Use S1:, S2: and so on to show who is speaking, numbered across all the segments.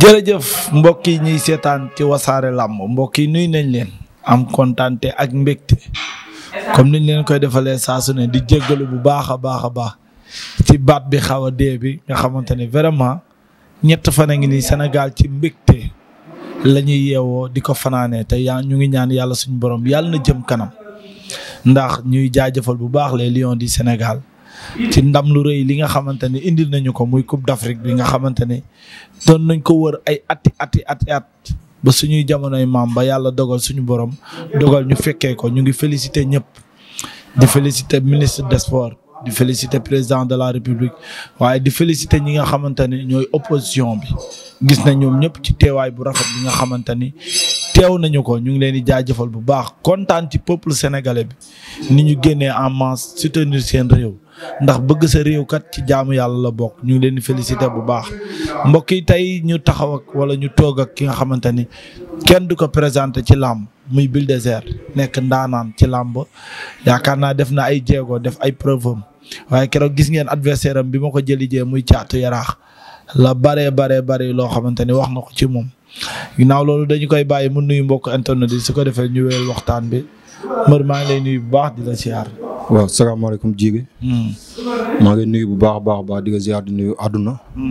S1: jërëjëf mbokk yi ñuy seetaan ci wasaare làmb mbokk yi nuy nañ leen am kontaante ak mbégte comme niñ leen koy defalee saa su ne di jéggalu bu baax a baax a baax ci baat bi xaw a dee bi nga xamante ne vraiment ñett fan a ngi nii Sénégal ci mbégte la ñuy yeewoo di ko fanaanee te yaa ñu ngi ñaan yàlla suñu borom yàlla na jëm kanam ndax ñuy jaajëfal bu baax les lion di Sénégal. ci ndam lu rëy li nga xamante ne indil nañu ko muy Coupe d'Afrique bi nga xamante ne doon nañ ko wër ay ati ati ati at ba suñuy jamonoy maam ba yàlla dogal suñu borom dogal ñu fekkee ko ñu ngi félicité ñëpp di félicité ministre des sports di félicité président de la république waaye di félicité ñi nga xamante ne ñooy opposition bi gis na ñoom ñëpp ci teewaay bu rafet bi nga xamante ni teew nañu ko ñu ngi leen di jaajëfal bu baax kontaan ci peuple sénégalais bi ni ñu génnee en masse soutenir seen réew ndax bëgg sa réew kat ci jaamu yàlla la bokk ñu leen di féliciter bu baax mbokk yi tey ñu taxaw ak wala ñu toog ak ki nga xamante ni kenn du ko présenter ci làmb muy Bulldozer nekk ndaanaan ci làmb yaakaar naa def na ay jéego def ay preuve am waaye keroog gis ngeen adversaire am bi ma ko jëli jee muy caatu yaraax la bare bare bare loo xamante ni wax na ko ci moom naaw loolu dañu koy bàyyi mu nuyu mbokk internet su ko defee ñu wéyal waxtaan bi mbër maa ngi lay bu baax di la siyaar
S2: waaw salaamaaleykum Jibi. Hmm. maa ngi nuyu bu baax a baax baax di nga ziar àdduna. Hmm.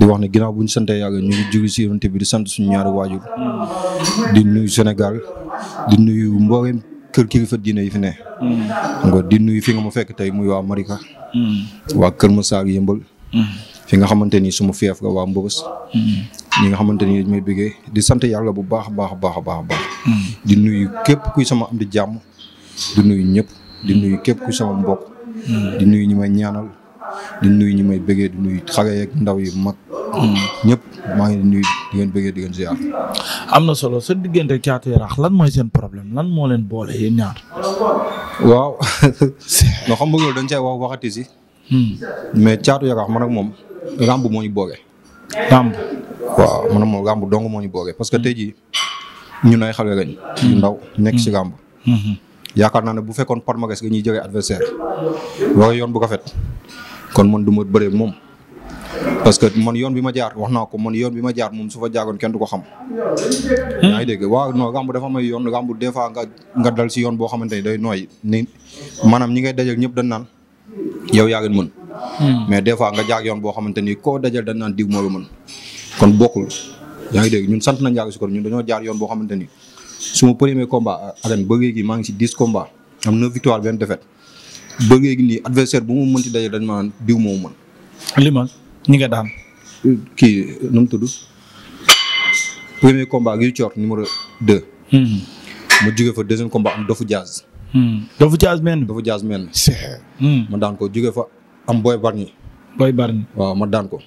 S2: di wax ne ginnaaw bu ñu sante ñu ngi bi di sant suñu ñaari waajur.
S1: Hmm. di
S2: nuyu Sénégal di nuyu mboolem kër kilifa diine yi fi ne. di nuyu fi nga ma fekk tey muy waa Marika. waa Kër Masar yëmbal. fi nga xamante ni suma fief nga waa Mbobos. nga xamante ni dañu may bëggee di sant yàlla bu baax a baax a baax a baax. di nuyu képp kuy sama am di jàmm di nuyu ñëpp. di nuyu képp ku sama mbokk. Hmm. di nuyu ñi may ñaanal di nuyu ñi may bëggee di nuyu xale yeeg ndaw yi mag. Hmm. ñëpp maa ngi nuyu ngeen bëggee di ngeen ziar.
S1: am na solo sa diggante Caatu lan mooy seen problème lan moo leen boole yéen ñaar.
S2: waaw no xam nga dañ cee wax waxati si. Hmm. mais Caatu Yaraax man ak moom ramb moo ñu boole. ramb waaw man ak dong moo ñu boole parce que tey jii ñun ay ndaw nekk si ramb. yaakaar naa ne bu fekkoon Parmagues gi ñuy jógee adversaire waaye yoon bu ko fet kon mën du ma bëree moom. parce que mën yoon bi ma jaar wax naa ko mën yoon bi ma jaar moom su fa jaagoon kenn du ko xam. yaa ngi dégg waaw non dafa may yoon gàmbu des fois nga nga dal si yoon boo xamante ni day nooy ni maanaam ñi ngay dajal ñëpp dañ naan yow yaa ngi mën. Hmm. mais des fois nga jaag yoon boo xamante ni koo dajal dañ naan diw moo la mën kon bokkul yaa ngi dégg ñun sant nañ yàgg si kon ñun dañoo jaar yoon boo xamante ni. suma premier combat euh, arène ba léegi maa ngi si dix combat am neuf victoire benn défaite ba léegi nii adversaire bu mu mënti daje dañ maa diw moo mën. li ma ñi nga daan. Euh, kii nu tudd premier gi coor numéro hmm. ma jóge fa deuxième combat am Dofu Diaz. Hmm. Dofu Diaz meen. Dofu Diaz meen. Hmm. ma daan ko jóge fa am Boy Barni. Boy Barni waaw ma daan ko.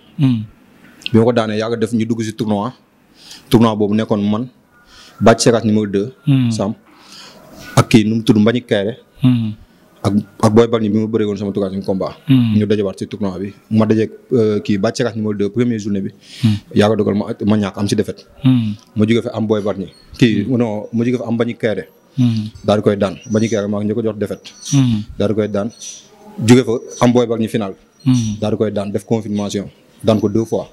S2: bi ma ko daanee yàgg def ñu dugg si tournoi tournoi boobu nekkoon man. Bathie Seras numéro 2. Hmm. Samb ak kii nu mu tudd Mbagnick Kairé. Hmm. ak ak Boy Bargny bi ma bëree woon sama troisième combat. Hmm. ñu dajawaat ci tournoi bi ma dajeeg euh, kii Bathie Seras numéro 2 première journée bi. yàlla dogal ma ma ñàkk am ci défaite. ma jóge fa am Boy kii non ma jóge am Mbagnick Kairé. daal koy daan Mbagnick Kairé maa ngi ñu ko jox défaite. koy daan jóge fa am Boy Bargny final. daal koy daan def confirmation daan ko fois.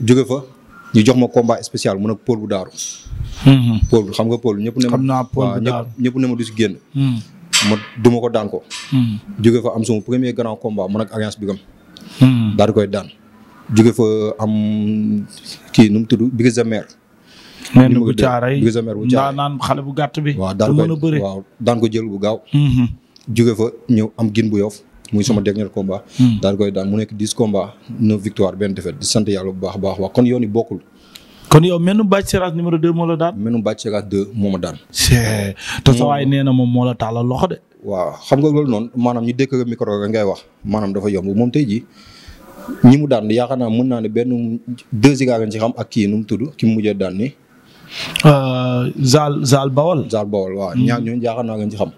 S2: jóge fa ñu jox ma combat spécial mun ak Paul bu daaru Mhm. Paul xam nga Paul ñëpp ne ma. xam naa Paul ñëpp ne ma du si génn. Mhm. ma du ma ko daan ko. Mhm. jóge fa am sama premier grand combat man ak alliance bi gam. daal di koy daan. jóge fa am kii nu mu tudd Big Zamer. nee na bu bu caaray naan xale bu gàtt bi. waaw daan ko waaw jël bu gaaw. jóge fa ñëw am gin bu yof muy sama dernier combat. daal koy daan mu nekk dix combat neuf victoire benn défaite di sant yàlla bu baax a baax waa kon yoon yi bokkul. kon yow menu Bathie Seras numéro 2 moo la daan. menu Bathie Seras 2 moo ma daan. te sa waay
S1: nee na moom moo la tàllal loxo de.
S2: waaw xam nga loolu noonu maanaam ñu dëkk micro ga ngay wax maanaam dafa yomb moom tey jii ñi mu daan yaakaar naa mën naa ne benn deux ziga ngeen xam ak kii nu mu tudd ki mu mujjee daan nii.
S1: Euh, Zal Zal Bawal.
S2: Zal Bawal waaw hmm. ñaar ñooñu yaakaar naa ngeen xam.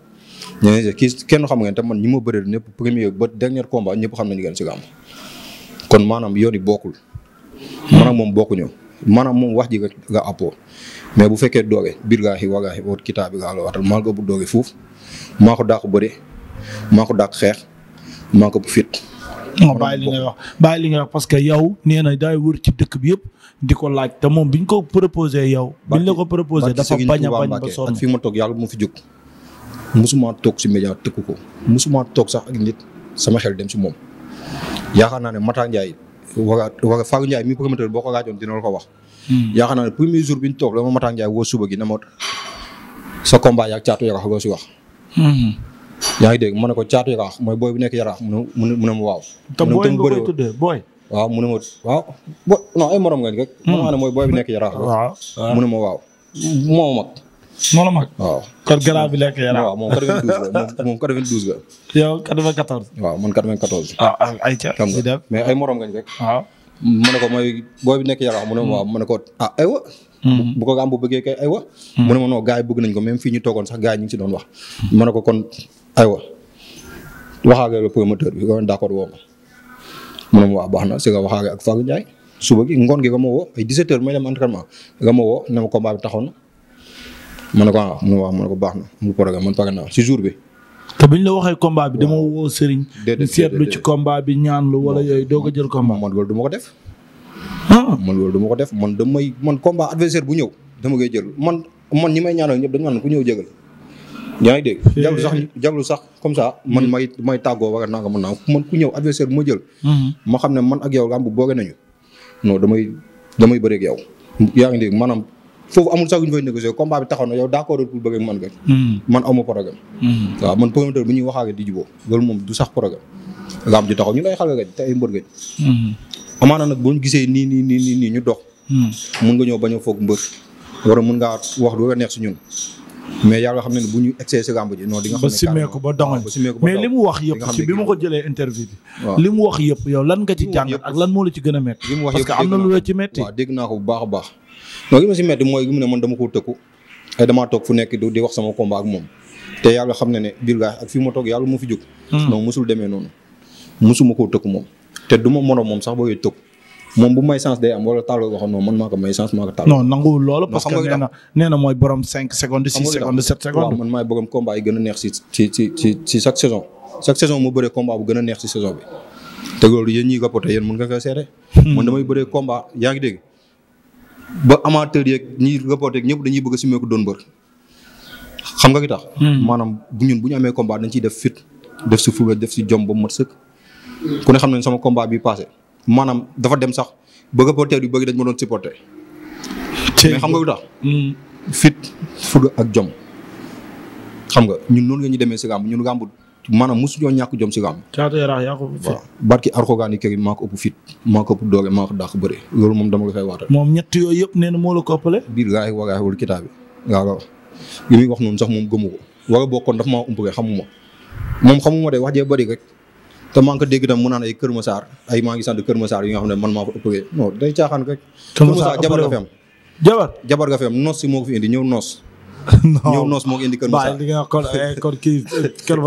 S2: ñooñu kii kenn xam ngeen te man ñi ma bëree ñëpp premier ba dernier combat ñëpp xam nañu ngeen ci gàmm. kon maanaam yoon yi bokkul. Hmm. man moom bokkuñu maanaam moom wax ji ga ga mais bu fekkee dooge biir gaa xi wagaa xi oot kitaabi gaa la maa ko bu dooge fuuf maa ko dàq bëre maa ko dàq xeex maa ko bu fit
S1: non bàyyi li ngay wax bàyyi li ngay parce que yow nee na daay wër ci dëkk bi yëpp di ko laaj te moom biñ ko proposé yow biñ la ko proposé dafa bañ a bañ ba sonn ak fi
S2: ma toog yàlla bu ma fi toog si média tëkku ko musuma toog sax ak nit sama xel dem si moom yaakaar naa ne mataa Ndiaye war a war a Fallou Ndiaye mi promoteur boo ko laajoon dina la ko wax. Hmm. yaakaar naa ne premier jour bi toog la ma Matar Ndiaye woo suba gi na ma sa combat yaag caatu yaraax loo si wax. Hmm. yaa ngi dégg mu ne ko caatu yaraax mooy booy bu nekk yaraax mu a mu ne mu waaw. te booy nga moo la mag waaw. kon gannaaw bi nekk yéen waaw moom 92 la moom 92 la. yow 94. waaw man 94. Ah, ah ay ca. mais ay morom ngañ rek. waaw mu ne ko mooy booy nekk yaraax mu ne waaw mu ne ko ah wa mm-hmm. bu ko am bu bëggee kay aywa. Mm-hmm. mu ne ma non gars yi bëgg nañ ko même fii ñu toogoon sax gaa yi ñu si doon wax. mu ne ko kon aywa waxaale la promoteur bi nga d'accord woo ma. mu ne ma waaw baax na si nga waxaale ak Fallou suba gi ngoon gi nga ma woo ay 17 heures may dem entraînement nga ma ne ma combat bi taxoon man ne ko ah mu wax ma ne ko baax na mu programme man pare naa si jour bi.
S1: te bu ñu la waxee combat bi dama woo sëriñ. déedéet seetlu ci combat bi ñaan lu wala yooyu doo ko jël combat. man loolu du ma ko def. Ah.
S2: man loolu du ma ko def man damay man combat adversaire bu ñëw dama koy jël man man ñi may ñaanal ñëpp dañu naan ku ñëw jégal. yaa ngi dégg eh. jaglu sax jaglu sax comme ça man hmm. may may tàggoo wala naa ko mën naa man ku ñëw adversaire bu ma jël. Hmm. ma xam ne man ak yow làmb boole nañu. non damay damay bëreeg yow. yaa ngi dégg maanaam foofu amul sax ñu fay négocier combat bi taxaw na yow d'accord pour bëgg ak man kat. Hmm. man aw programme. Hmm. waaw man promoteur bu ñuy waxaale di jubóo loolu moom du sax programme. nga am taxaw ñu lay xel kat te ay mbër kat. Hmm. amaana nag bu ñu gisee nii nii nii nii ñu dox. mun nga ñëw bañ a foog mbër. wala mun ngaa wax lu la neex si ñun. mais yàlla xam ne ne bu ñu excès si gàmb ba simeeku
S1: ba dongal mais li mu wax yëpp si bi ma ko jëlee interview bi li mu wax yëpp yow lan nga ci jàng ak lan moo la ci gën a métti parce que
S2: na lu la baax a non li ma si metti mooy li mu ne man dama koo tëkku ay damaa toog fu nekk di wax sama combat ak moom te yàlla xam na ne Birgaas ak fii ma toog yàlla mu fi jóg. Hmm. non mosul demee koo tëkku moom te ma moroom moom sax boo koy tëkku moom bu may ko may chance maa
S1: mooy borom 5 secondes 6 secondes 7 secondes. waaw
S2: man maay borom combat yi gën a neex si ci ci ci ci chaque saison chaque bëree combat bu gën a neex si saison bi te loolu yéen ñiy rapporté yéen mën nga koy seede. Hmm. man damay bëree combat yaa ngi dégg ba amateur yeeg ñi reporter yeeg ñëpp dañuy bëgg a sumee ko doon mbër xam nga ki tax. Hmm. maanaam ñun bu ñu amee combat dañ ciy def fit def si fulla def si jom ba mat sëkk. ku ne xam ne sama combat bi passé maanaam dafa dem sax ba reporter yu bëri dañ ma doon supporter. mais xam nga lu tax. Hmm. fit fulla ak jom xam nga ñun noonu nga ñu demee si ràmb ñun ràmbul. maanaam mosuñoo ñàkk jom si gàmm.
S1: ko fit. waaw
S2: barki arxogaani kër yi maa ko ëpp fit maa ëpp doole maa ko dàq loolu moom dama la koy waatal. moom ñett yooyu yëpp nee moo la ko ëppale. biir laay walaay wala kitaab bi waaw li muy wax noonu sax moom gëmu ko war a bokkoon daf maa umpale xamuma moom xamuma de wax jee bëri rek te maa ngi dégg itam mu naan ay Kër Masar ay maa ngi sant Kër Masar yi nga xam ne man maa ko ëppale non day caaxaan rek. Kër jabar nga fi am jabar jabar nga fi am noos si moo ko ñëw noos ñëw noos moo ko indi Kër Masar. li nga wax kon eh, kon kii Kër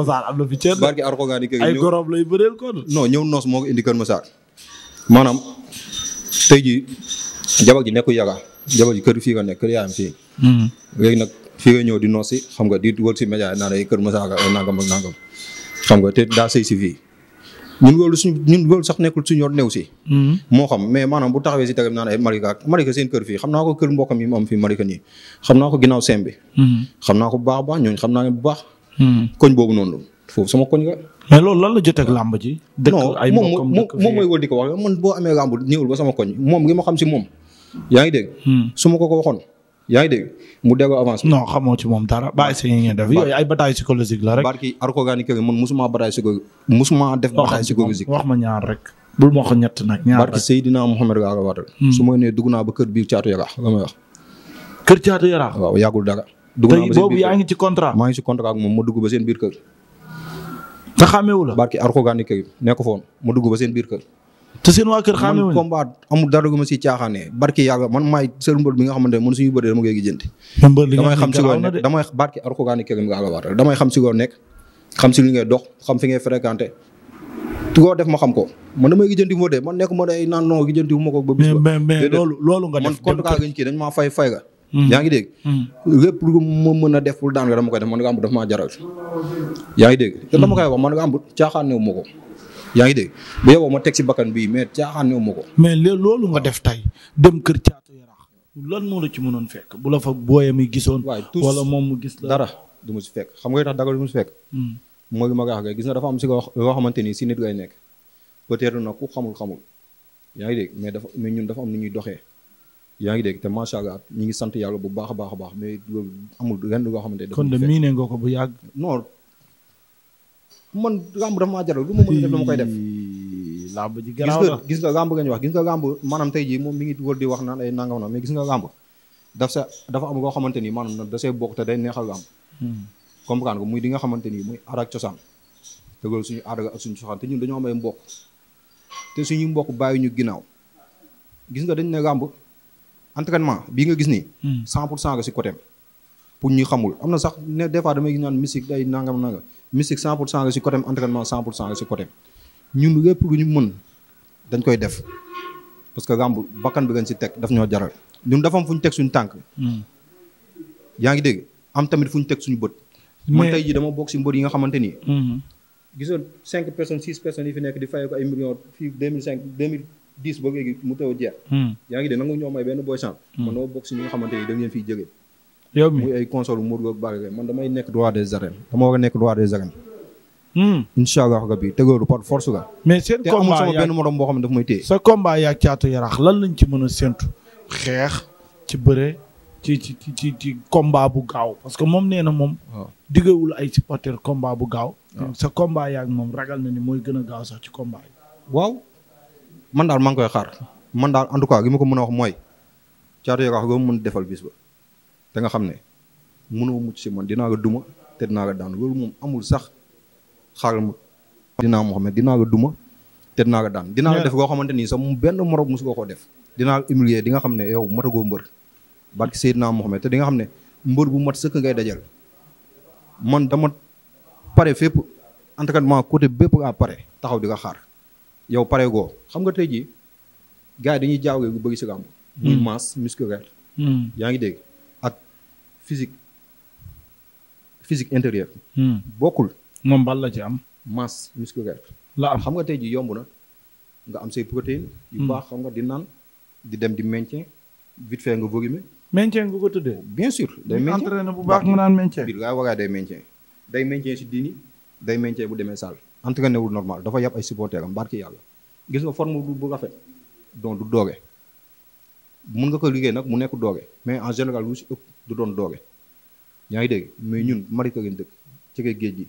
S2: ay gorom lay bëreel kon. non ñëw noos moo ko indi Kër Masar
S1: maanaam tey
S2: jii jabar ji nekkul yaga jabar ji kër fii nga nekk kër yaayam fii. Hmm. léegi nag fii nga ñëw di noos si xam nga di wër si média naan ay Kër Masar nangam ak nangam xam nga te daa sëy si fii. ñun loolu suñu ñun sax nekkul suñu yoon new si. Mm-hmm. moo xam mais maanaam bu taxawee si tagam naan ay Malika Malika seen kër fii xam naa ko kër mbokkam yi mu am fii Malika nii xam naa ko ginnaaw sem bi. Mm-hmm. xam naa ko baax a baax ñooñu xam naa ne bu baax. Mm-hmm. koñ boobu noonu la foofu sama koñ la.
S1: loolu lan la jotee ak làmb ji. dëkk ay mbokkam dëkk moom moom mooy
S2: wër di ko wax man boo amee làmb ñëwul ba sama koñ moom li ma xam si moom. yaa ngi dégg. su ma ko ko waxoon yaa ngi dégg mu déggoo avance. non xamoo ci moom dara bàyyi si ngeen def yooyu ay bataille psychologique la rek. barki Arkoga ni kër man musuma bataille psychologique musuma def ma ñaar rek. bul ma ko ñett nag. ñaar rek barki Seydina Mohamed gaa ko waatal. Hmm. su ma nee dugg naa ba kër biir caatu yaraax la may wax. kër dara. dugg naa yaa ngi ci contrat. maa ngi ci contrat ak moom ma dugg ba seen biir kër. te xàmmeewu la. barki Arkoga ni kër nekk foon ma dugg ba seen biir kër te seen waa kër xaame man combat dara gu ma si caaxaane barki yàlla man man suñu bëree dama nga xam si loo nekk xam si li ngay dox xam fi ngay fréquenté ma xam ko man damay gijjanti moo dee man nekk ma naan non gijjanti wu ma ko ba bis ba mais loolu loolu nga def man compte hmm. yaa ngi dégg hmm. lépp lu ma mën a def pour daan nga dama koy def man jaral yaa ngi dégg dama koy wax man nga am caaxaane wu ko yaa ngi dégg bu yeboo ma teg si bakkan bii mais caaxaan ne ma ko.
S1: mais loolu nga def tey dem kër caatu yaraax lan moo la ci mënoon fekk bu la fa booyam yi gisoon. wala moom mu gis
S2: la dara du ma si fekk xam nga tax dagal du mu si fekk. Hmm. mooy ma gaax ga gis na dafa am si loo xamante ni si nit ngay nekk peut-être nag ku xamul xamul yaa ngi mais dafa mais ñun dafa am nu ñuy doxee. yaa ngi dégg te macha allah ñu ngi sant yàlla bu baax a baax a baax mais loolu amul lenn loo xamante ne. kon de miine nga ko bu yàgg. non man làmb dafa maa jaral lu ma mën a def dama koy def.
S1: làmb ji garaaw la
S2: gis nga làmb nga ñu wax gis nga làmb maanaam tey jii moom mi ngi wër di wax naan ay nangam na mais gis nga làmb daf sa dafa am loo xamante ni maanaam da see bokk te day neexal làmb. Hmm. comprendre ko muy di nga xamante ni muy aada ak cosaan te loolu suñu aada ak suñu cosaan te ñun dañoo am ay mbokk te suñu mbokk bàyyi ñu ginnaaw gis nga dañ ne làmb entraînement bi nga gis nii. 100 hmm. pour cent si côté pour ñu xamul am na sax ne des fois damay gis naan musique nangam nangam. mystique 100 pour cent la si côté entraînement 100 pour cent la si côté ñun lépp lu ñu mën dañ koy def parce que làmb bakkan bi ngeen si teg daf ñoo jaral ñun dafa am fu ñu teg suñu tànk. Hmm. yaa ngi dégg am tamit fu ñu teg suñu bët. man tey jii dama bokk si mbër yi nga xamante ni. Hmm. gisoon cinq personnes six personnes yi fi nekk di fay ko ay millions fii deux mille cinq deux mille dix ba léegi mu taw a jeex. Hmm. yaa ngi dégg nangu ñoo may benn boy man dama bokk yow mi muy ay console Modou Lo ak Balla Gaye man damay nekk roi des arènes dama war a nekk roi des arènes. Hmm. incha allah rabbi tëgooru par force la.
S1: mais seen combat te amul sama benn morom boo xam ne daf may téye. sa combat yaa caatu yaraax lan lañ ci mën a séntu xeex ci bëre ci ci ci ci combat bu gaaw parce que moom nee na moom. diggewul ay supporter combat bu gaaw. sa combat yaa ak moom ragal na ni mooy gën a gaaw sax ci combat yi. waaw
S2: man daal maa ngi koy xaar man daal en tout cas li ma ko mën a wax mooy caatu yaraax boobu mën defal bis ba. te nga xam ne mënoo mucc si man dinaa la duma te naa la daan loolu moom amul sax xaaral ma dinaa Mouhamed dinaa duma te dinaa la daan dinaa def loo xamante nii sax mu benn morom mosu koo def dinaa la di nga xam ne yow matagoo mbër barki Seydina Mouhamed te di nga xam ne mbër bu mat sëkk ngay dajal man dama pare fépp entraînement côté bépp laa pare taxaw di nga xaar yow pare goo xam nga tey jii gars yi dañuy jaawle lu bëri si làmb muy hmm. masse musculaire hmm. yaa ngi dégg physique physique intérieure. Hmm. bokkul. moom bal la ci am. masse musculaire. la am xam nga tey ji yomb na nga am say protéines. yu hmm. baax xam nga di naan di dem di maintien vite fait nga volume. maintien nga ko tuddee. bien sûr day maintien entraîné bu baax nga naan maintien. bi nga waraa day maintien day maintien si diini day maintien bu demee salle. entraîné wul normal dafa yàpp ay supporters am barki yàlla gis nga forme bu rafet donc du doge. mun nga ko liggéey nag mu nekk dooge mais en général lu si ëpp du doon dooge yaa ngi dégg mais ñun Malika ngeen dëkk ci géej gi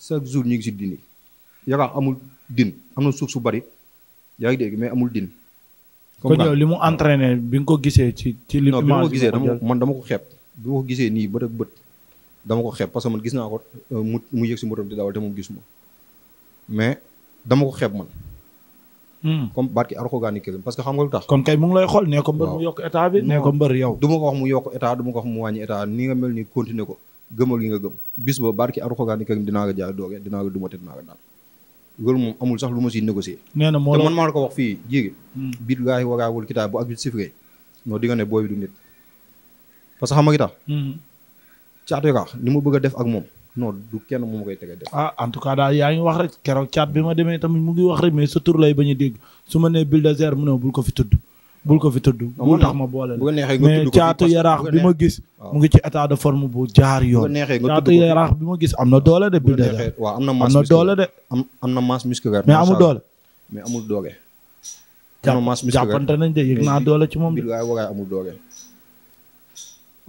S2: chaque jour ñu ngi si din amul din am na suuf su bari yaa ngi dégg mais amul din. comme yow li
S1: mu entraîné bi nga ko gisee ci ci li. non bi ma ko
S2: man dama ko xeeb bi ma ko gisee nii bët ak bët dama ko xeeb parce man gis naa ko euh, mu mu yëg si moto di dawal te moom gisuma mais dama ko xeeb man. Hmm. comme barki alxuraanu karim parce que xam nga lu tax kon kay mu ngi lay xool nee ko mbër mu yokk état bi nee ko mbër yow du ko wax mu yokk état du ko wax mu wàññi état ni nga mel ni continuer ko gëmal li nga gëm bis ba barki alxuraanu karim dinaa nga jaay doole dinaa nga dumate dinaa nga daal loolu moom amul sax lu ma si négocier nee na moo te man maa la ko wax fii jigi hmm. biit laayi waraa wul kitaab bu ak bi sifré non di nga ne booy bi du nit parce que xam nga
S1: ma
S2: hmm. bëgg def ak moom non du kenn mu ma koy tege def.
S1: ah en tout cas daal yaa ngi wax rek keroog caat bi ma demee tamit mu ngi wax rek mais sa tur lay bañ dégg su ma nee Bulldozer mu ne bul ko fi tudd. bul ko fi tudd bu tax ma
S2: boole la mais caatu yaraax bi ma gis
S1: mu ngi ci état de forme bu jaar yoon caatu yaraax bi ma gis am na doole de Bulldozer waaw na am na doole de
S2: am na masse musculaire mais amul doole mais amul doole am masse musculaire jàppante nañ de yëg naa doole ci moom de waaye waraay amul doole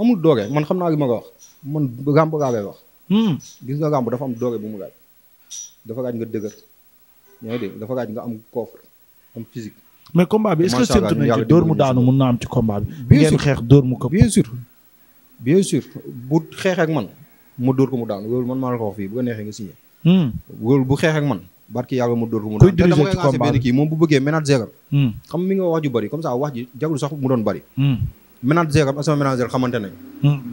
S2: amul doole xam naa li ma ko wax man gàmb laa koy wax Hmm. gis nga làmb dafa am doore bu mu laaj dafa laaj nga dëgër yaa ngi dégg dafa laaj nga am coffre am physique.
S1: mais combat bi est-ce que séntu nañ ci dóor mu daanu mun naa am ci combat bi. bien sûr ngeen xeex dóor mu ko. bien sûr bien sûr bu xeex ak man
S2: mu dóor ko mu daanu loolu man maa la ko wax fii bu neexee nga signé. Hmm. loolu bu xeex man. barki yàlla mu dóor ko mu daanu te moom bu bëggee ménager am. Hmm. xam mi nga wax ju bari comme ça wax ji jaglu sax mu doon bari. ménager am ak sama ménager xamante nañ.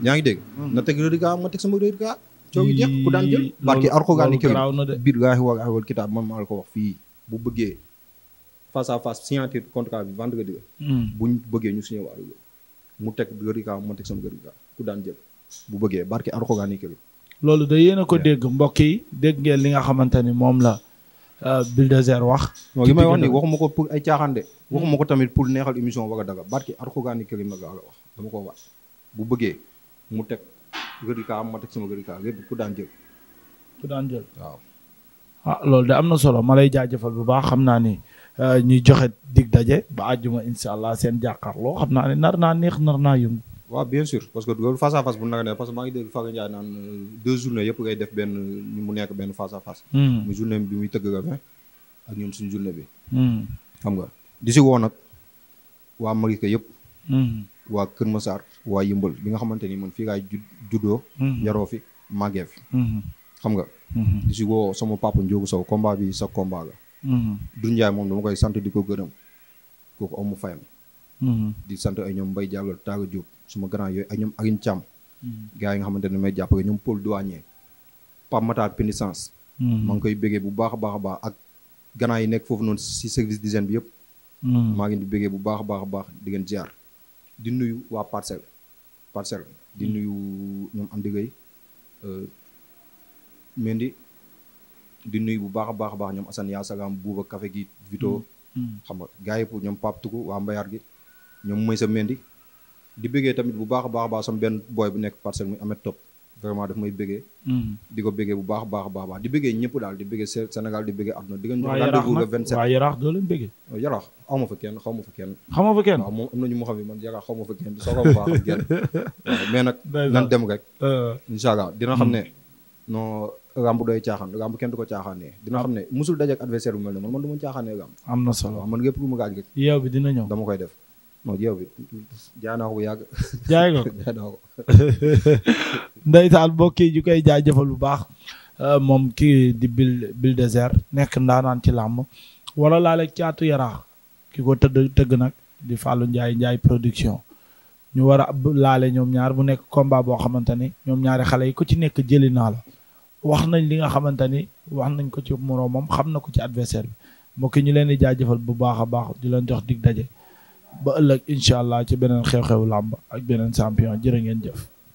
S2: yaa ngi dégg. na teg rëdd gaa ma teg sama rëdd gaa coow gi jeex ku daan jël barki alxuraan kariim billaahi wallaahi wal kitaab man maa la ko wax fii bu bëggee face à face signature contrat bi vendredi la hmm. buñ bëggee ñu signé waalo mu teg gërika mu teg sama gërika ku daan jël bu bëggee barki alxuraan kariim
S1: loolu da yéen a ko dégg mbokk yi dégg ngeen li nga xamante ni moom la euh, Bulldozer wax li may wax ni waxuma
S2: ko pour ay caaxaande
S1: waxuma ko tamit pour neexal émission Waka Daga
S2: barki alxuraan kariim la la wax dama koo wax bu bëggee mu teg gërëkaam ma teg sama gërëkaam yëpp ku daan jël. ku daan jël waaw.
S1: ah loolu de am na solo ma jaaj jaajëfal bu baax xam naa ni euh, ñuy joxe dig daje ba àjjuma incha allah seen jàkkaarloo xam naa ne nar naa neex nar naa yëngu. waaw bien sûr parce que loolu face à face bu naka ne parce que maa ngi dégg Faka Ndiaye
S2: naan euh, deux journées yëpp ngay def benn mu nekk benn face à hmm. mu journée bi muy tëgg nga vingt ak ñun suñu journée bi. Hmm. xam nga di si woo nag waa Malika yëpp. Hmm. waa Kër Massar waa Yëmbal bi nga xamante ni moom fii laay juddoo mhm. yaroo fi màggee fi mhm. xam nga mhm. di si woo sama papa Ndiogou Sow combat bi sa combat la Doudou moom dama koy sant di ko gërëm kooku amu fayam di sant ay ñoom Mbaye Diallo Taaga Diop suma grand yooyu ak ñoom Aline Thiam gars yi nga xamante ne may jàppale ñoom Paul Douanier Pape Matar Pénissance maa ngi koy bégee bu baax a baax a baax ak ganaar yi nekk foofu noonu si service d'hygiène bi yëpp maa di bégee bu baax a baax a baax di ngeen ziar di nuyu waa parcelle parcelle di hmm. nuyu ñoom am diggéey euh, Mendy di nuyu bu baax a baax a baax ñoom Assane yaa sagaam buuba café gi Vito hmm. Hmm. xam nga gars yëpp ñoom Pape Tuku waa Mbayaar gi ñoom Moïse Mendy di bëggee tamit bu baax a baax a baax sama benn booy bu nekk parcelle muy Amet Top vraiment daf may bëggee mm-hmm. di ko bëggee bu baax baax baax baax di bëggee ñëpp daal di bëggee Sénégal di bëggee àdduna di ngeen jox rendez-vous le 27 xaw ma fa kenn xaw ma fa kenn xaw ma fa kenn waaw moom am nañu moo xam ne man yaraax xaw dem rek euh. incha allah dina xam mm. ne non ramb doy caaxaan ramb kenn du ko caaxaanee dina xam ne musul dajeek adversaire bu mel ne man man du ma caaxaanee ramb am na solo waaw man lépp lu ma gaaj rek yeew bi dina ñëw koy def non yeew bi jaay naa ko bu yàgg
S1: jaay nga ko jaay ndeysaan mbokk yi ñu koy jëfal bu baax euh, moom kii di Bull Bulldozer nekk ndaanaan ci làmb wala laale caatu yaraax ki ko tëdd tëgg nag di Fallou Ndiaye Ndiaye production ñu war a laale ñoom ñaar bu nekk combat boo xamante ni ñoom ñaari xale yi ku ci nekk jëli naa la wax nañ li nga xamante ni wax nañ ko ci moroomam xam na ko ci adversaire bi mbokki ñu leen di jaajëfal bu baax a baax di leen jox dig daje ba ëllëg incha allah ci beneen xew xew làmb ak beneen champion jërë ngeen jëf